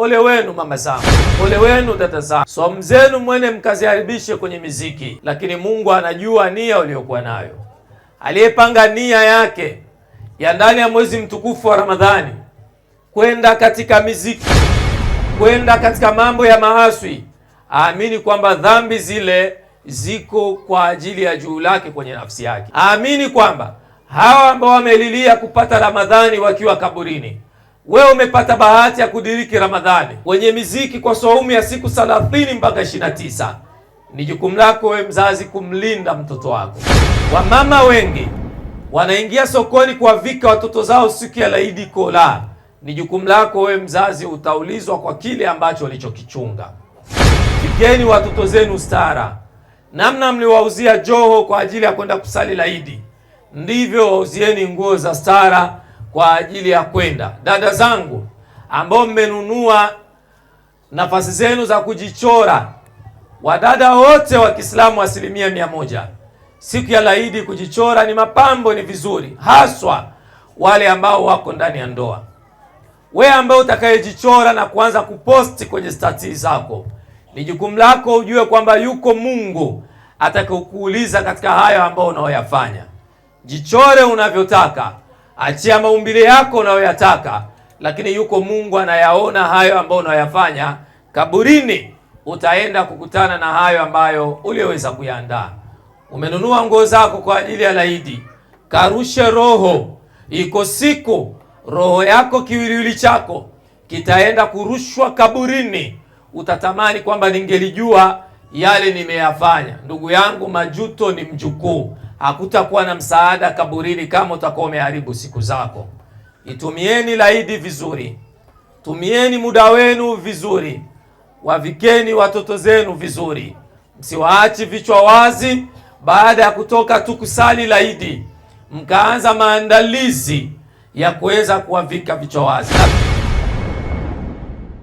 Ole wenu mama zangu, ole wenu dada zangu, So zenu mwene mkaziharibishe kwenye miziki, lakini Mungu anajua nia uliyokuwa nayo. Aliyepanga nia yake ya ndani ya mwezi mtukufu wa Ramadhani kwenda katika miziki, kwenda katika mambo ya maaswi, aamini kwamba dhambi zile ziko kwa ajili ya juu lake kwenye nafsi yake. Aamini kwamba hawa ambao wamelilia kupata Ramadhani wakiwa kaburini wewe umepata bahati ya kudiriki Ramadhani wenye miziki kwa saumu ya siku 30 mpaka 29. Ni jukumu lako wewe mzazi kumlinda mtoto wako. Wamama wengi wanaingia sokoni kuwavika watoto zao siku ya Laidi kola. Ni jukumu lako wewe mzazi, utaulizwa kwa kile ambacho walichokichunga. vikeni watoto zenu stara, namna mliwauzia joho kwa ajili ya kwenda kusali Laidi, ndivyo wauzieni nguo za stara kwa ajili ya kwenda. Dada zangu ambao mmenunua nafasi zenu za kujichora, wadada wote wa Kiislamu asilimia mia moja, siku ya laidi kujichora ni mapambo, ni vizuri, haswa wale ambao wako ndani ya ndoa. We ambaye utakayejichora na kuanza kuposti kwenye stati zako, ni jukumu lako ujue kwamba yuko Mungu atakayokuuliza katika hayo ambayo unaoyafanya. Jichore unavyotaka. Achia maumbile yako unayoyataka, lakini yuko Mungu anayaona hayo ambayo unayoyafanya. Kaburini utaenda kukutana na hayo ambayo uliweza kuyaandaa. Umenunua nguo zako kwa ajili ya laidi, karushe roho. Iko siku roho yako, kiwiliwili chako kitaenda kurushwa kaburini. Utatamani kwamba ningelijua yale nimeyafanya. Ndugu yangu, majuto ni mjukuu hakutakuwa na msaada kaburini kama utakuwa umeharibu siku zako. Itumieni laidi vizuri, tumieni muda wenu vizuri, wavikeni watoto zenu vizuri, msiwaachi vichwa wazi. Baada ya kutoka tu kusali laidi, mkaanza maandalizi ya kuweza kuwavika vichwa wazi.